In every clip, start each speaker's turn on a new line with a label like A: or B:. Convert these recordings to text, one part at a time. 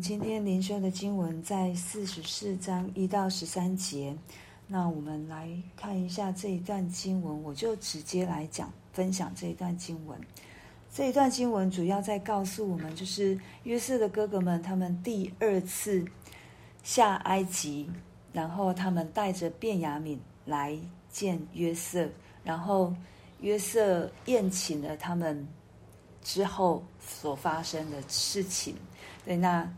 A: 今天靈修的經文在四十四章一到十三節，那我們來看一下這一段經文，我就直接來講分享這一段經文。這一段經文主要在告訴我們，就是約瑟的哥哥們他們第二次下埃及，然後他們帶着便雅憫來見約瑟，然後約瑟宴請了他們之後所發生的事情。對，那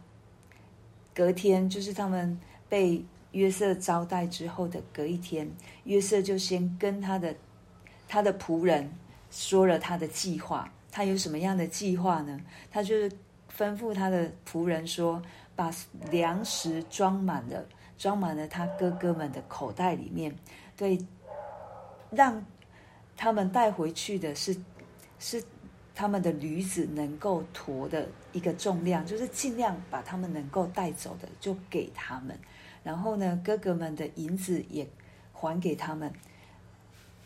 A: 隔天就是他們被約瑟招待之後的隔一天，約瑟就先跟他的他的僕人說了他的計劃。他有什麼樣的計劃呢？他就是吩咐他的僕人說，把糧食裝滿了，裝滿了他哥哥們的口袋裡面，對，讓他們帶回去的是是。他們的驢子能夠馱的一個重量，就是盡量把他們能夠帶走的就給他們，然後呢，哥哥們的銀子也還給他們，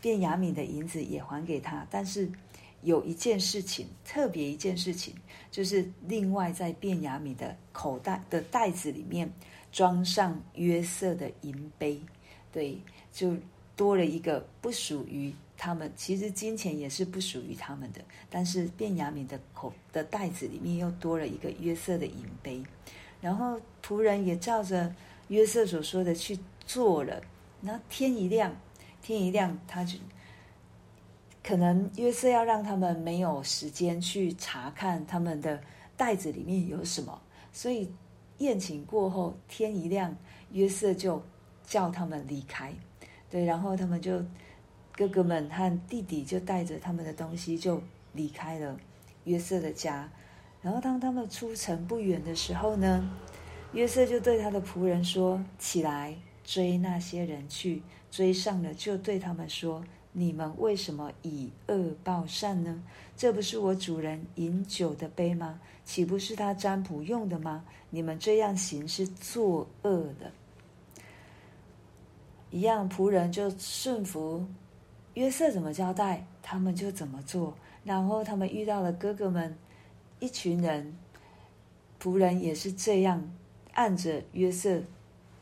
A: 便雅憫的銀子也還給他。但是有一件事情，特別一件事情，就是另外在便雅憫的口袋的袋子裡面裝上約瑟的銀杯，對，就多了一個不屬於。他們其實金錢也是不屬於他們的，但是便雅憫的口的袋子裡面又多了一個約瑟的銀杯，然後僕人也照着約瑟所說的去做了。那天一亮，天一亮他就，可能約瑟要讓他們沒有時間去查看他們的袋子裡面有什麼，所以宴請過後天一亮，約瑟就叫他們離開。對，然後他們就。哥哥們和弟弟就帶着他們的東西就離開了約瑟的家。然後當他們出城不遠的時候呢，約瑟就對他的僕人說：“起來追那些人去，追上了就對他們說：‘你們為什麼以惡報善呢？這不是我主人飲酒的杯嗎？豈不是他占卜用的嗎？你們這樣行是作惡的。’”一樣僕人就順服。約瑟怎麼交代，他們就怎麼做。然後他們遇到了哥哥們，一群人，僕人也是這樣按着約瑟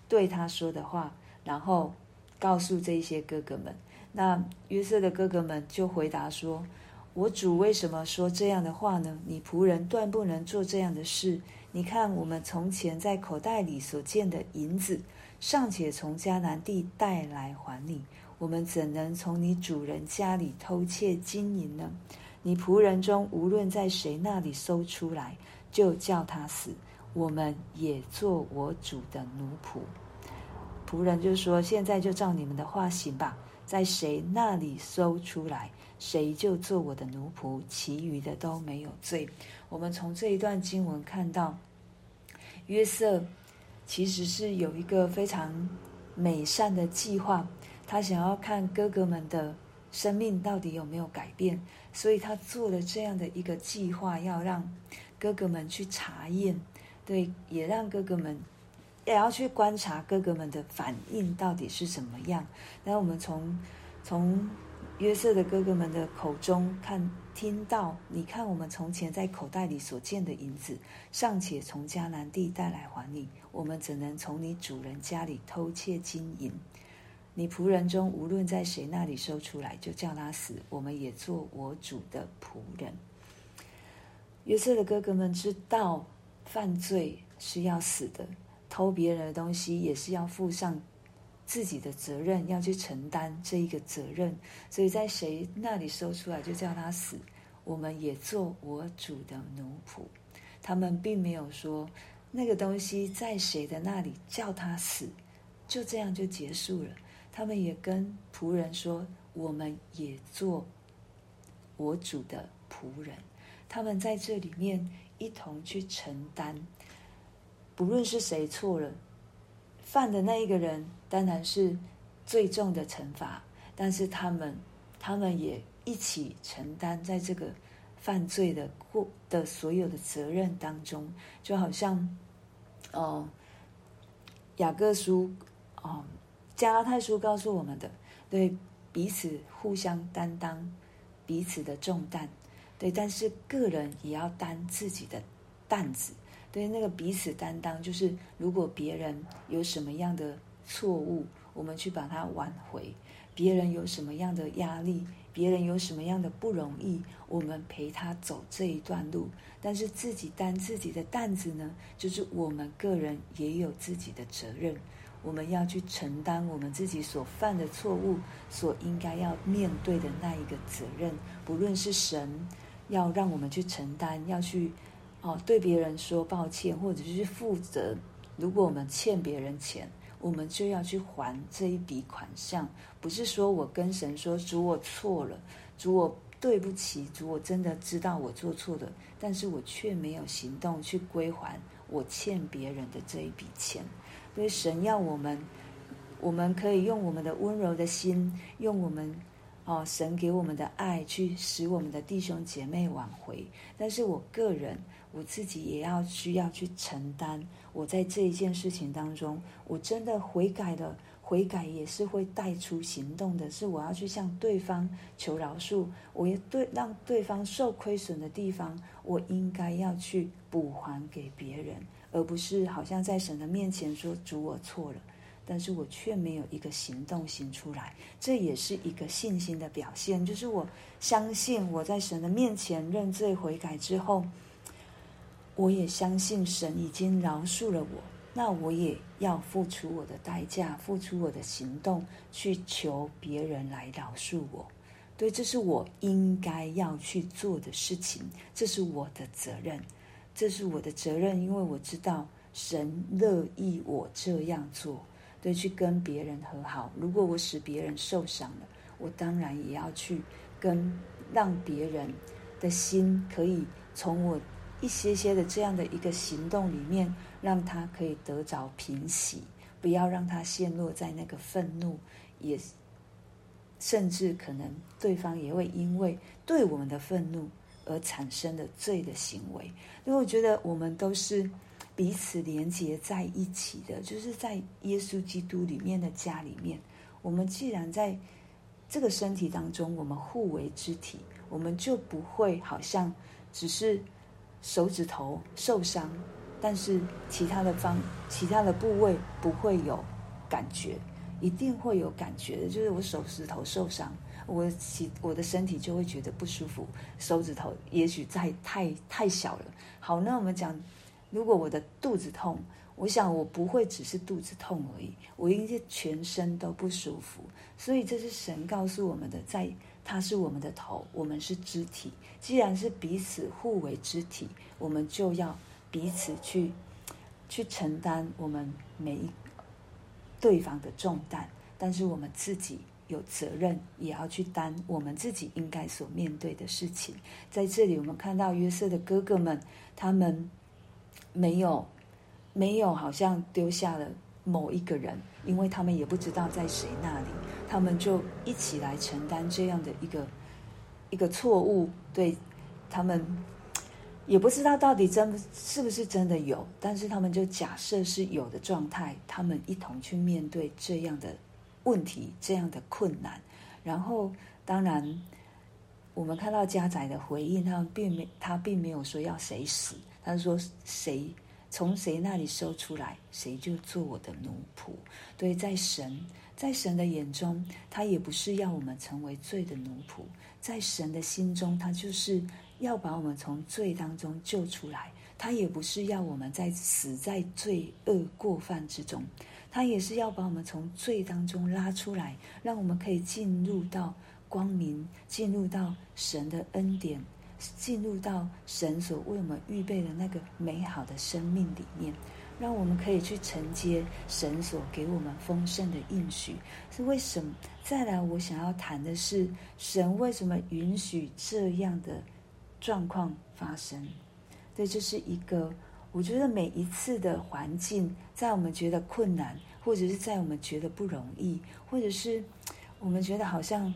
A: 對他說的話，然後告訴這些哥哥們。那約瑟的哥哥們就回答說：“我主為什麼說這樣的話呢？你僕人斷不能做這樣的事。你看，我們從前在口袋裡所見的銀子，尚且從迦南地帶來還你。”我們怎能從你主人家裡偷竊金銀呢？你僕人中無論在誰那裡搜出來，就叫他死。我們也做我主的奴僕。僕人就說：“現在就照你們的話行吧，在誰那裡搜出來，誰就做我的奴僕；其餘的都沒有罪。”我們從這一段經文看到，約瑟其實是有一個非常美善的計劃。他想要看哥哥們的生命到底有沒有改變，所以他做了這樣的一個計劃，要讓哥哥們去查驗，對，也讓哥哥們也要去觀察哥哥們的反應到底是怎麼樣。那我們從從約瑟的哥哥們的口中看聽到，你看我們從前在口袋裡所見的銀子，尚且從迦南地帶來還你，我們只能從你主人家裡偷竊金銀。你僕人中無論在誰那裡搜出來，就叫他死。我們也做我主的僕人。約瑟的哥哥們知道犯罪是要死的，偷別人的東西也是要負上自己的責任，要去承擔這一個責任。所以在誰那裡搜出來，就叫他死。我們也做我主的奴僕。他們並沒有說那個東西在誰的那裡，叫他死，就這樣就結束了。他們也跟僕人說：“我們也做我主的僕人。”他們在這裡面一同去承擔，不論是誰錯了，犯的那一個人當然是最重的懲罰，但是他們，他們也一起承擔在這個犯罪的過、的所有的責任當中，就好像，哦、嗯，雅各書，哦、嗯。加拉太書告訴我們的，對，彼此互相擔當彼此的重擔，對，但是個人也要擔自己的擔子。對，那個彼此擔當，就是如果別人有什麼樣的錯誤，我們去把它挽回；別人有什麼樣的壓力，別人有什麼樣的不容易，我們陪他走這一段路。但是自己擔自己的擔子呢，就是我們個人也有自己的責任。我們要去承擔我們自己所犯的錯誤，所應該要面對的那一個責任。不論是神要讓我們去承擔，要去哦，對別人說抱歉，或者就是負責。如果我們欠別人錢，我們就要去還這一筆款項。不是說我跟神說，主我錯了，主我對不起，主我真的知道我做錯了，但是我卻沒有行動去歸還我欠別人的這一筆錢。因為神要我們，我們可以用我們的溫柔的心，用我們，哦，神給我們的愛去使我們的弟兄姐妹挽回。但是我個人，我自己也要需要去承擔。我在這一件事情當中，我真的悔改的悔改也是會帶出行動的，是我要去向對方求饒恕。我要對讓對方受虧損的地方，我應該要去補還給別人。而不是好像在神的面前說：“主，我錯了。”但是我卻沒有一個行動行出來，這也是一個信心的表現。就是我相信我在神的面前認罪悔改之後，我也相信神已經饒恕了我。那我也要付出我的代價，付出我的行動，去求別人來饒恕我。對，這是我應該要去做的事情，這是我的責任。這是我的責任，因為我知道神樂意我這樣做，對，去跟別人和好。如果我使別人受傷了，我當然也要去跟，讓別人的心可以從我一些些的這樣的一個行動裡面，讓他可以得着平息，不要讓他陷落在那個憤怒，也甚至可能對方也會因為對我們的憤怒。而產生的罪的行為，因為我覺得我們都是彼此連接在一起的，就是在耶穌基督裡面的家裡面。我們既然在這個身體當中，我們互為肢體，我們就不會好像只是手指頭受傷，但是其他的方，其他的部位不會有感覺，一定會有感覺的，就是我手指頭受傷。我我的身體就會覺得不舒服，手指頭也許在太太，太小了。好，那我們講，如果我的肚子痛，我想我不會只是肚子痛而已，我應該全身都不舒服。所以這是神告訴我們的，在他是我們的頭，我們是肢體。既然是彼此互為肢體，我們就要彼此去去承擔我們每一個對方的重擔，但是我們自己。有責任也要去擔，我們自己應該所面對的事情。在這裡，我們看到約瑟的哥哥們，他們沒有沒有好像丟下了某一個人，因為他們也不知道在誰那裡，他們就一起來承擔這樣的一個一個錯誤。對，他們也不知道到底真是不是真的有，但是他們就假設是有的狀態，他們一同去面對這樣的。問題，這樣的困難，然後當然，我們看到家宰的回應，他並沒他並沒有說要誰死，他說誰從誰那裡搜出來，誰就做我的奴僕。所以在神在神的眼中，他也不是要我們成為罪的奴僕，在神的心中，他就是要把我們從罪當中救出來，他也不是要我們再死在罪惡過犯之中。他也是要把我們從罪當中拉出來，讓我們可以進入到光明，進入到神的恩典，進入到神所為我們預備的那個美好的生命裡面，讓我們可以去承接神所給我們豐盛的應許。是為什麼？再來，我想要談的是，神為什麼允許這樣的狀況發生？對，這是一個。我覺得每一次的環境，在我們覺得困難，或者是在我們覺得不容易，或者是我們覺得好像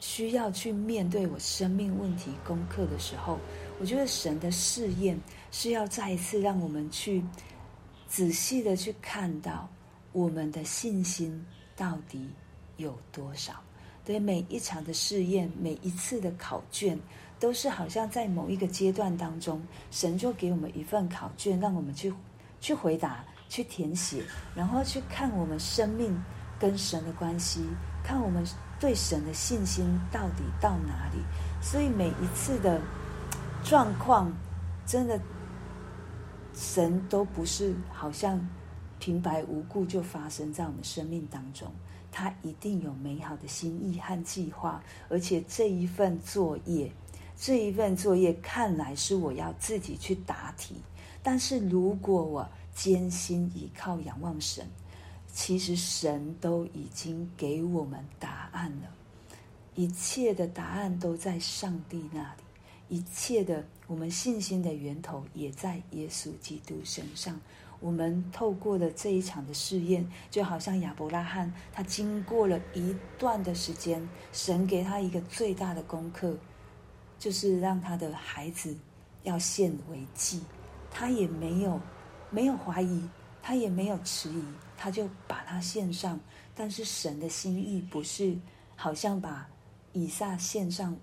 A: 需要去面對我生命問題功課的時候，我覺得神的試驗是要再一次讓我們去仔細的去看到我們的信心到底有多少。對每一場的試驗，每一次的考卷。都是好像在某一個階段當中，神就給我們一份考卷，讓我們去去回答、去填寫，然後去看我們生命跟神的關係，看我們對神的信心到底到哪裡。所以每一次的狀況，真的神都不是好像平白無故就發生在我們生命當中，他一定有美好的心意和計劃，而且這一份作業。這一份作業看來是我要自己去答題，但是如果我堅心依靠仰望神，其實神都已經給我們答案了。一切的答案都在上帝那裡，一切的我們信心的源頭也在耶穌基督身上。我們透過了這一場的試驗，就好像亞伯拉罕，他經過了一段的時間，神給他一個最大的功課。就是讓他的孩子要獻為祭，他也沒有沒有懷疑，他也沒有遲疑，他就把他獻上。但是神的心意不是好像把以撒獻上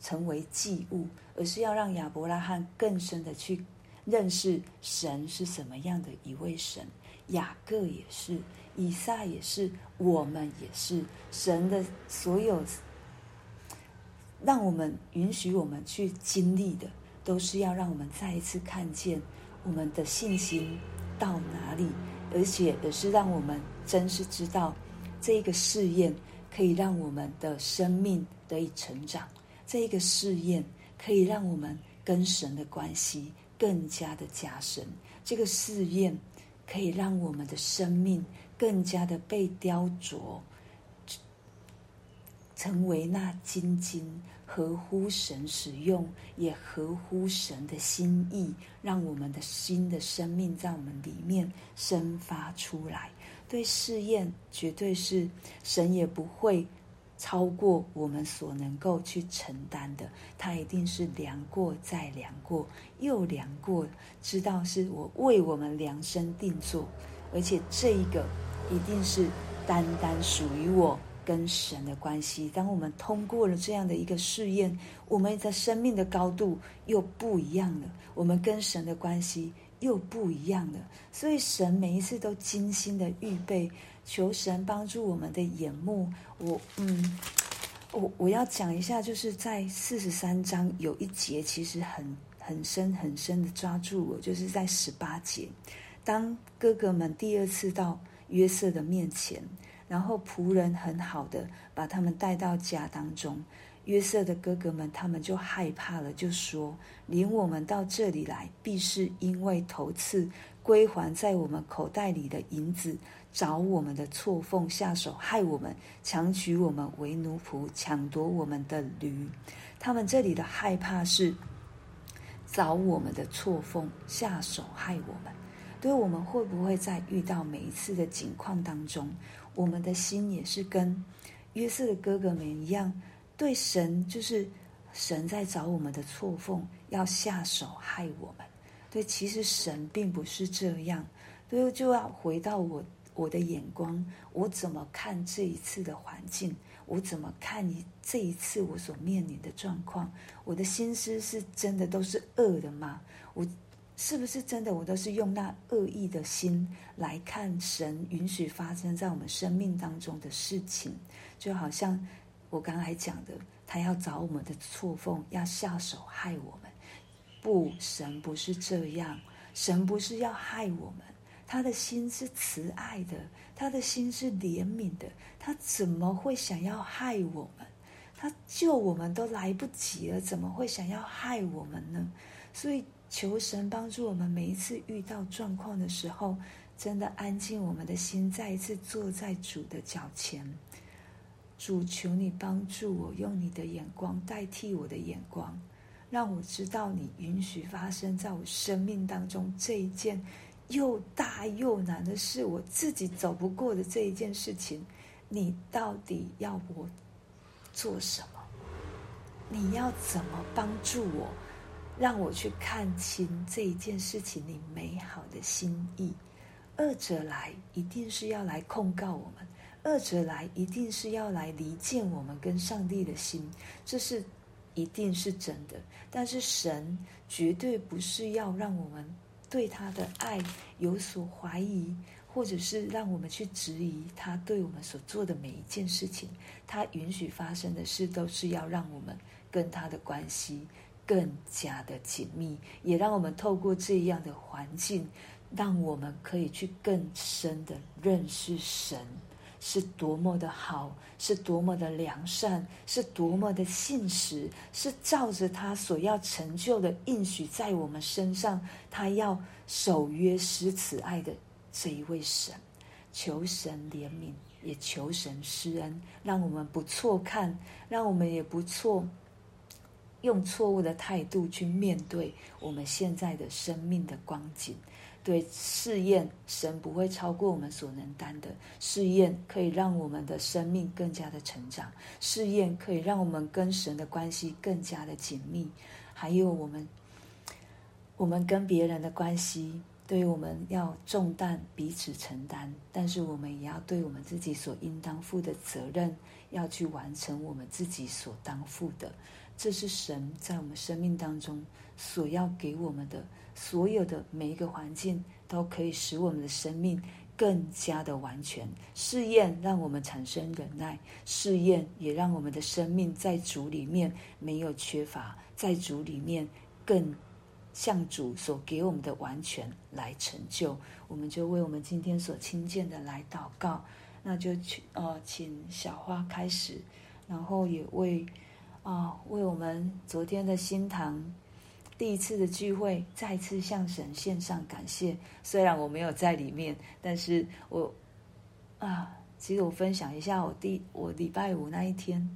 A: 成為祭物，而是要讓亞伯拉罕更深的去認識神是什麼樣的一位神。雅各也是，以撒也是，我們也是，神的所有。讓我們允許我們去經歷的，都是要讓我們再一次看見我們的信心到哪裡，而且也是讓我們真是知道，這一個試驗可以讓我們的生命得以成長，這一個試驗可以讓我們跟神的關係更加的加深，這個試驗可以讓我們的生命更加的被雕琢，成為那精金。合乎神使用，也合乎神的心意，讓我們的新的生命在我們裡面生發出來。對，試驗，絕對是神也不會超過我們所能夠去承擔的。他一定是量過再量過，又量過，知道是我為我們量身定做，而且這一個一定是單單屬於我跟神的關係，當我們通過了這樣的一個試驗，我們的生命的高度又不一樣了，我們跟神的關係又不一樣了。所以神每一次都精心的預備，求神幫助我們的眼目。我嗯，我我要講一下，就是在四十三章有一節，其實很很深很深的抓住我，就是在十八節，當哥哥們第二次到約瑟的面前。然後僕人很好的把他們帶到家當中，約瑟的哥哥們他們就害怕了，就說：“領我們到這裡來，必是因為頭次歸還在我們口袋裡的銀子，找我們的錯縫下手害我們，強取我們為奴僕，搶奪我們的驢。”他們這裡的害怕是找我們的錯縫下手害我們，對我們會不會在遇到每一次的境況當中？我們的心也是跟約瑟的哥哥們一樣，對神就是神在找我們的錯縫，要下手害我們。對，其實神並不是這樣，所以就要回到我我的眼光，我怎麼看這一次的環境？我怎麼看你這一次我所面臨的狀況？我的心思是真的都是惡的嗎？我。是不是真的？我都是用那惡意的心來看神允許發生在我們生命當中的事情，就好像我剛才講的，他要找我們的錯縫，要下手害我們。不，神不是這樣，神不是要害我們，他的心是慈愛的，他的心是憐憫的，他怎麼會想要害我們？他救我們都來不及了，怎麼會想要害我們呢？所以。求神幫助我們，每一次遇到狀況的時候，真的安靜我們的心，再一次坐在主的腳前。主，求你幫助我，用你的眼光代替我的眼光，讓我知道你允許發生在我生命當中這一件又大又難的事，我自己走不過的這一件事情，你到底要我做什麼？你要怎麼幫助我？讓我去看清這一件事情，裡美好的心意。惡者來，一定是要來控告我們；惡者來，一定是要來離間我們跟上帝的心。這是一定是真的。但是神絕對不是要讓我們對他的愛有所懷疑，或者是讓我們去質疑他對我們所做的每一件事情。他允許發生的事，都是要讓我們跟他的關係。更加的緊密，也讓我們透過這樣的環境，讓我們可以去更深的認識神是多麼的好，是多麼的良善，是多麼的信實，是照着他所要成就的應許在我們身上，他要守約施慈愛的這一位神。求神憐憫，也求神施恩，讓我們不錯看，讓我們也不錯。用錯誤的態度去面對我們現在的生命的光景，對試驗神不會超過我們所能擔的。試驗可以讓我們的生命更加的成長，試驗可以讓我們跟神的關係更加的緊密。還有我們，我們跟別人的關係，對於我們要重擔彼此承擔，但是我們也要對我們自己所應當負的責任，要去完成我們自己所擔負的。這是神在我們生命當中所要給我們的，所有的每一個環境都可以使我們的生命更加的完全。試驗讓我們產生忍耐，試驗也讓我們的生命在主裡面沒有缺乏，在主裡面更像主所給我們的完全來成就。我們就為我們今天所聽見的來禱告，那就去呃，請小花開始，然後也為。啊、哦，為我們昨天的新堂第一次的聚會，再次向神獻上感謝。雖然我沒有在裡面，但是我啊，其實我分享一下，我第我禮拜五那一天。